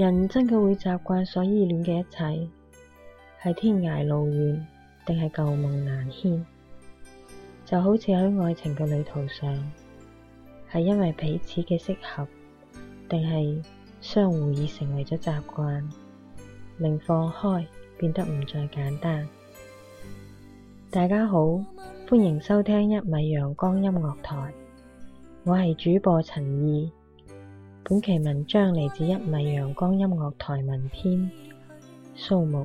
人真嘅會習慣所依戀嘅一切，係天涯路遠，定係舊夢難牽？就好似喺愛情嘅旅途上，係因為彼此嘅適合，定係相互已成為咗習慣，令放開變得唔再簡單。大家好，歡迎收聽一米陽光音樂台，我係主播陳懿。本期文章嚟自一米陽光音樂台文篇，蘇沐。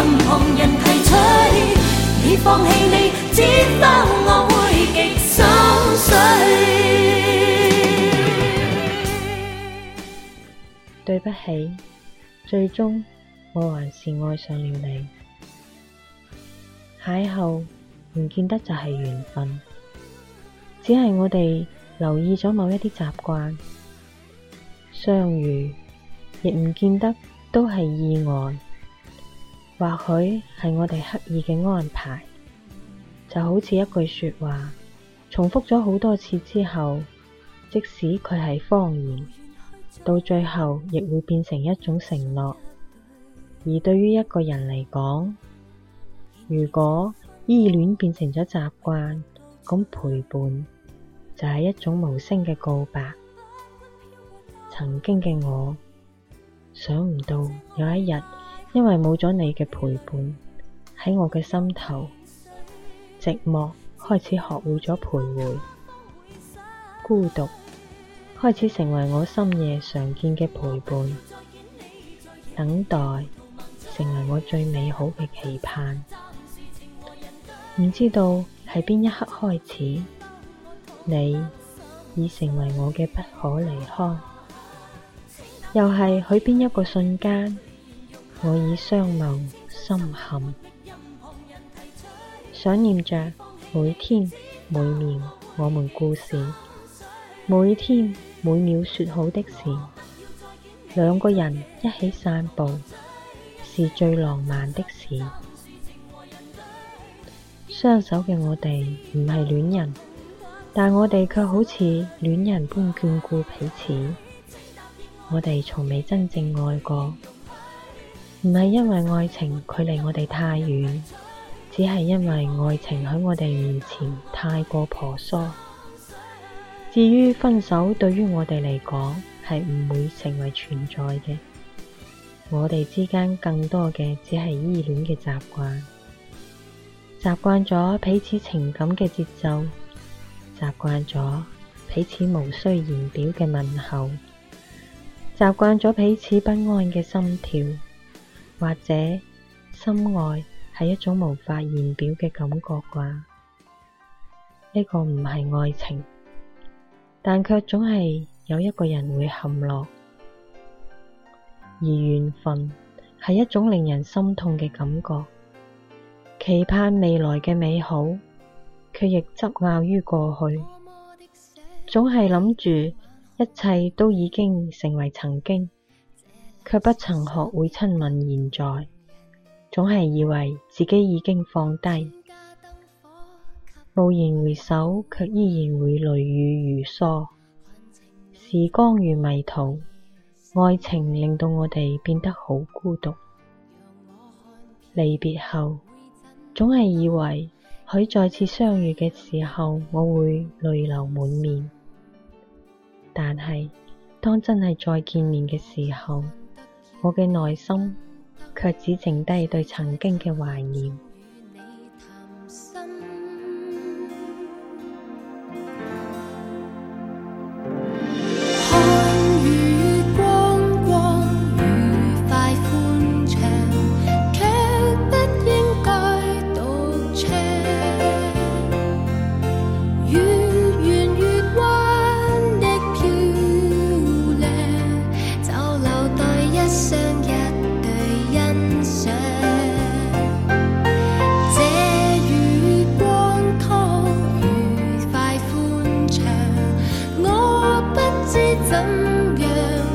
對不起，最終我還是愛上了你。邂逅唔見得就係緣分，只係我哋留意咗某一啲習慣，相遇亦唔見得都係意外。或許係我哋刻意嘅安排，就好似一句說話，重複咗好多次之後，即使佢係謊言，到最後亦會變成一種承諾。而對於一個人嚟講，如果依戀變成咗習慣，咁陪伴就係一種無聲嘅告白。曾經嘅我，想唔到有一日。因為冇咗你嘅陪伴喺我嘅心頭，寂寞開始學會咗徘徊。孤獨開始成為我深夜常見嘅陪伴，等待成為我最美好嘅期盼。唔知道喺邊一刻開始，你已成為我嘅不可離開，又係喺邊一個瞬間。我已雙眸心陷，想念着每天每秒我們故事，每天每秒說好的事，兩個人一起散步是最浪漫的事。雙手嘅我哋唔係戀人，但我哋卻好似戀人般眷顧彼此。我哋從未真正愛過。唔係因為愛情距離我哋太遠，只係因為愛情喺我哋面前太過婆娑。至於分手，對於我哋嚟講係唔會成為存在嘅。我哋之間更多嘅只係依戀嘅習慣，習慣咗彼此情感嘅節奏，習慣咗彼此無需言表嘅問候，習慣咗彼此不安嘅心跳。或者心愛係一種無法言表嘅感覺啩，呢、這個唔係愛情，但卻總係有一個人會陷落。而緣分係一種令人心痛嘅感覺，期盼未來嘅美好，卻亦執拗於過去，總係諗住一切都已經成為曾經。卻不曾學會親吻現在，總係以為自己已經放低，驀然回首，卻依然會淚雨如梭。時光如迷途，愛情令到我哋變得好孤獨。離別後，總係以為許再次相遇嘅時候，我會淚流滿面。但係當真係再見面嘅時候，我嘅內心卻只剩低對曾經嘅懷念。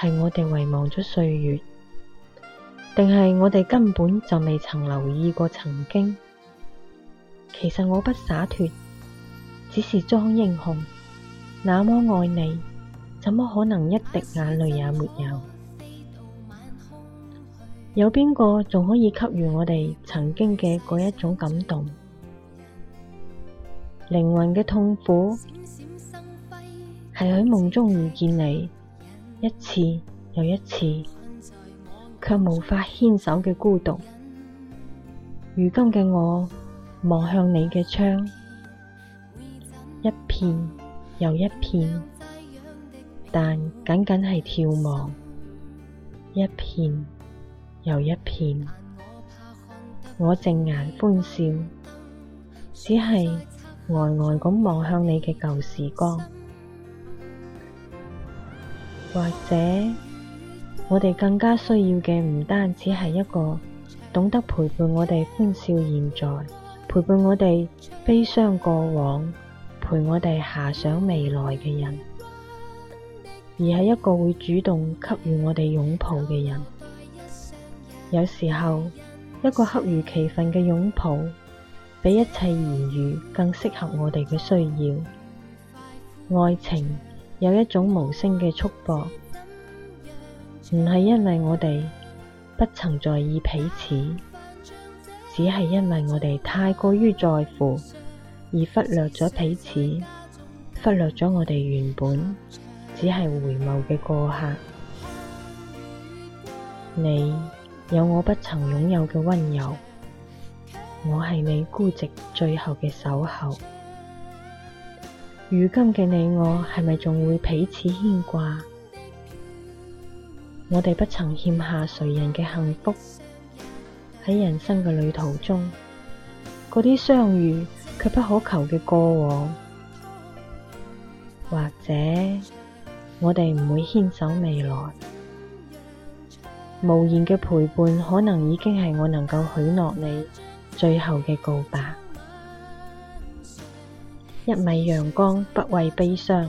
係我哋遺忘咗歲月，定係我哋根本就未曾留意過曾經。其實我不灑脫，只是裝英雄。那麼愛你，怎麼可能一滴眼淚也沒有？有邊個仲可以給予我哋曾經嘅嗰一種感動？靈魂嘅痛苦係喺夢中遇見你。一次又一次，卻無法牽手嘅孤獨。如今嘅我望向你嘅窗，一片又一片，但僅僅係眺望，一片又一片。我靜眼歡笑，只係呆呆咁望向你嘅舊時光。或者，我哋更加需要嘅唔單止係一個懂得陪伴我哋歡笑現在、陪伴我哋悲傷過往、陪我哋遐想未來嘅人，而係一個會主動給予我哋擁抱嘅人。有時候，一個恰如其分嘅擁抱，比一切言語更適合我哋嘅需要。愛情。有一種無聲嘅束縛，唔係因為我哋不曾在意彼此，只係因為我哋太過於在乎，而忽略咗彼此，忽略咗我哋原本只係回眸嘅過客。你有我不曾擁有嘅溫柔，我係你孤寂最後嘅守候。如今嘅你我，係咪仲會彼此牽掛？我哋不曾欠下誰人嘅幸福。喺人生嘅旅途中，嗰啲相遇，卻不可求嘅過往，或者我哋唔會牽手未來。無言嘅陪伴，可能已經係我能夠許諾你最後嘅告白。一米陽光，不畏悲傷。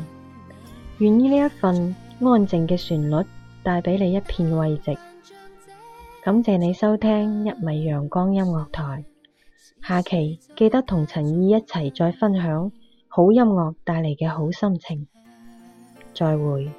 願意呢一份安靜嘅旋律，帶俾你一片慰藉。感謝你收聽一米陽光音樂台，下期記得同陳懿一齊再分享好音樂帶嚟嘅好心情。再會。